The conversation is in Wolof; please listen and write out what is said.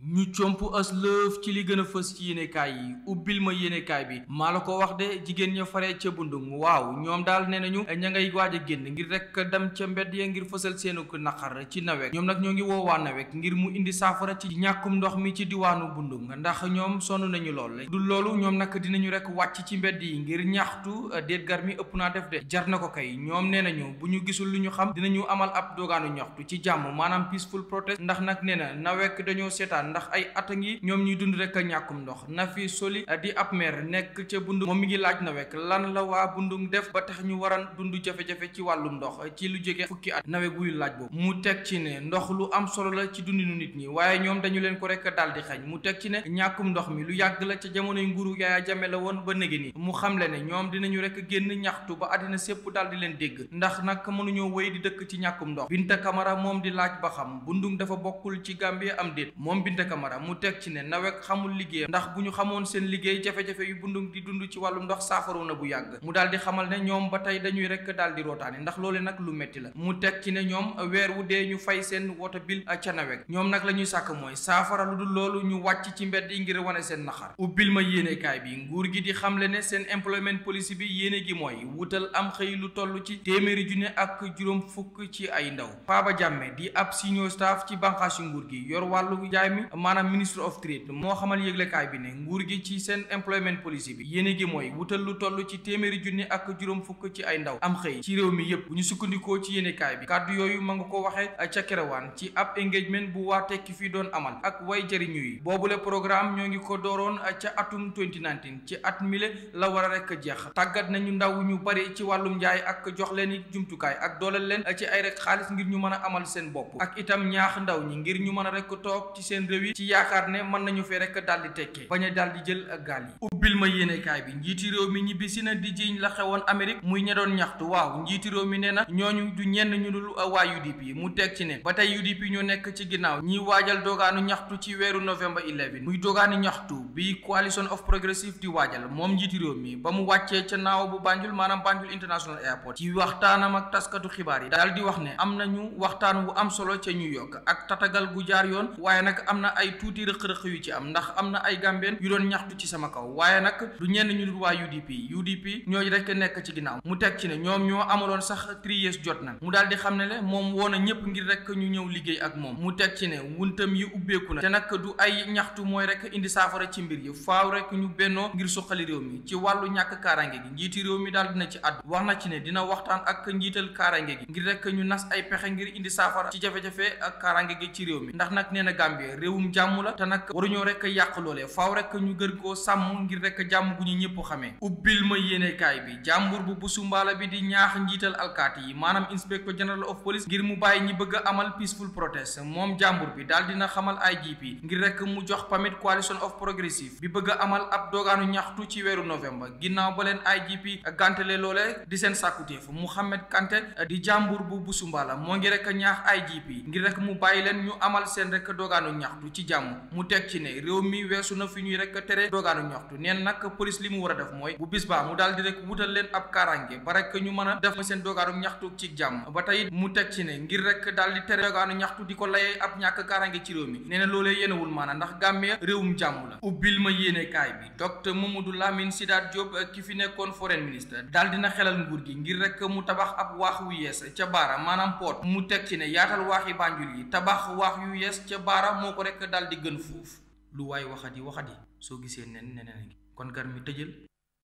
ñu comp as ci li gën a fës ci yéenekaay yi ubbil ma yéenekaay bi maa la ko wax de jigéen ña fare ca bundung waaw ñoom daal nee nañu ña ngay waaj a génn ngir rek dem ca mbedd ya ngir fësal seenu naqar ci nawek ñoom nag ñoo ngi woowaa nawek ngir mu indi saafara ci ñàkkum ndox mi ci diwaanu bundung ndax ñoom sonn nañu lool du loolu ñoom nag dinañu rek wàcc ci mbedd yi ngir ñaxtu déet gar mi ëpp naa def de jar na ko kay ñoom ne nañu bu ñu gisul lu ñu xam dinañu amal ab doogaanu ñaxtu ci jàmm maanaam peaceful protest ndax nag ne na nawek dañoo seetaan ndeysaan ndax ay at a ngi ñoom ñuy dund rek a ñàkkum ndox Nafi Soli eh, di ab maire nekk ca bundu moom mi ngi laaj na lan la waa Bundung def ba tax ñu waran dund jafe-jafe ci wàllum ndox eh, ci lu jege fukki at nawe guy laaj boobu mu teg ci ne ndox lu am solo la ci dund dundinu nit ñi waaye ñoom dañu leen ko rek daal di xañ mu teg ci ne ñàkkum ndox mi lu yàgg la ca jamonoy nguuru Yaaya Jame la woon ba nége ni mu xamle ne ñoom dinañu rek génn ñaxtu ba àddina sépp daal di leen dégg ndax nag mënuñoo wéy dëkk ci ñàkkum ndox Binta Camara moom di laaj ba diggante Camara mu teg ci ne nawek xamul liggéeyam ndax bu ñu xamoon seen liggéey jafe-jafe yu bundu di dund ci wàllum ndox saafaro na bu yàgg mu daal di xamal ne ñoom ba tey dañuy rek daal di rootaani ndax loole nag lu metti la mu teg ci ne ñoom weer wu dee ñu fay seen woto bil ca nawek ñoom nag la ñuy sàkk mooy saafara lu dul loolu ñu wàcc ci mbedd yi ngir wane seen naxar ubbil ma yéenekaay bi nguur gi di xamle ne seen employment policy bi yéene gi mooy wutal am xëy lu toll ci téeméeri junne ak juróom fukk ci ay ndaw Paba Jammeh di ab senior ci bànqaasi nguur gi yor wàllu jaay maanaam ministre of trade moo xamal yëglekaay bi ne nguur gi ci seen employment policy bi yéene gi mooy wutal lu toll ci téeméeri junni ak juróom fukk ci ay ndaw am xëy ci réew mi yépp ñu sukkandikoo ci yéenekaay bi kàddu ma nga ko waxee ca kerewaan ci ab engagement bu waa tekki fii doon amal ak way jëriñu yi boobule programme ñoo ngi ko dooroon ca atum 2019 ci at mile la war a rek jeex tàggat nañu ndaw ñu bari ci wàllum njaay ak jox leen jumtukaay ak dooleel leen ci ay rek xaalis ngir ñu mën a amal seen bopp ak itam réew yi ci yaakaar ne mën nañu fee rek daal di tekkee bañ a daal di jël gaal yi ubbil ma yéenekaay bi njiiti réew mi ñibbisi na di jiiñ la xewoon Amérique muy ña doon ñaxtu waaw njiiti réew mi nee na ñooñu du ñenn ñu dul waa UDP mu teg ci ne ba tey UDP ñu nekk ci ginnaaw ñiy waajal doogaanu ñaxtu ci weeru novembre 11 muy doogaanu ñaxtu bi coalition of progressive di waajal moom njiiti réew mi ba mu wàccee ca naaw bu Banjul maanaam Banjul international airport ci waxtaanam ak taskatu xibaar yi daal di wax ne am nañu waxtaan wu am solo ca New York ak na ay tuuti rëq-rëq yu ci am ndax am na ay gambeen yu doon ñaxtu ci sama kaw waaye nag du ñenn ñu dul waa UDP UDP ñooñu rek nekk ci ginnaaw mu teg ci ne ñoom ñoo amaloon sax triyees jot na mu daal di xam ne le moom woo na ñëpp ngir rek ñu ñëw liggéey ak moom mu teg ci ne wuntam yi ubbeeku na te nag du ay ñaxtu mooy rek indi saafara ci mbir yi faaw rekk ñu bennoo ngir suqali réew mi ci wàllu ñàkk kaarange gi njiiti réew mi daal dina ci àddu wax na ci ne dina waxtaan ak njiital kaarange gi ngir rekk ñu nas ay pexe ngir indi saafara ci jafe-jafe ak kaarange gi ci réew mi ndax nag nee Gambie réew réewum jàmm la te nag waruñoo rek a yàq loolee faaw rek ñu gën koo sàmm ngir rek jàmm gu ñu ñëpp xamee ubbil ma yéenekaay bi jàmbur bu busumbaala bi di ñaax njiital alkaati yi maanaam inspector general of police ngir mu bàyyi ñi bëgg a amal peaceful protest moom jàmbur bi daal dina xamal IGP ngir rek mu jox pamit coalition of progressive bi bëgg a amal ab doogaanu ñaxtu ci weeru novembre ginnaaw ba leen IGP gàntale loole di seen sàkkuteef Mouhamed Kanté di jàmbur bu busumbaala moo ngi rek ñaax IGP ngir rek ñaxtu ci jàmm mu teg ci ne réew mi weesu na fi ñuy rek tere doogaanu ñaxtu neen nag police li mu war a def mooy bu bis baa mu daal di rek wutal leen ab kaaraange ba rek ñu mën a def seen doogaanu ñaxtu ci jàmm ba tey mu teg ci ne ngir rek daal di tere doogaanu ñaxtu di ko layee ab ñàkk kaaraange ci réew mi nee na loolee yéenewul maanaam ndax gàmmee réewum jàmm la ubbil ma yéene bi docteur Mamadou Lamine eh, gi ngir rek mu tabax ab waax wu yees ca baara maanaam poot mu teg ci rek daal di gën fuuf lu waay waxati waxati soo gisee nen neneen a ngi kon gar mi tëjal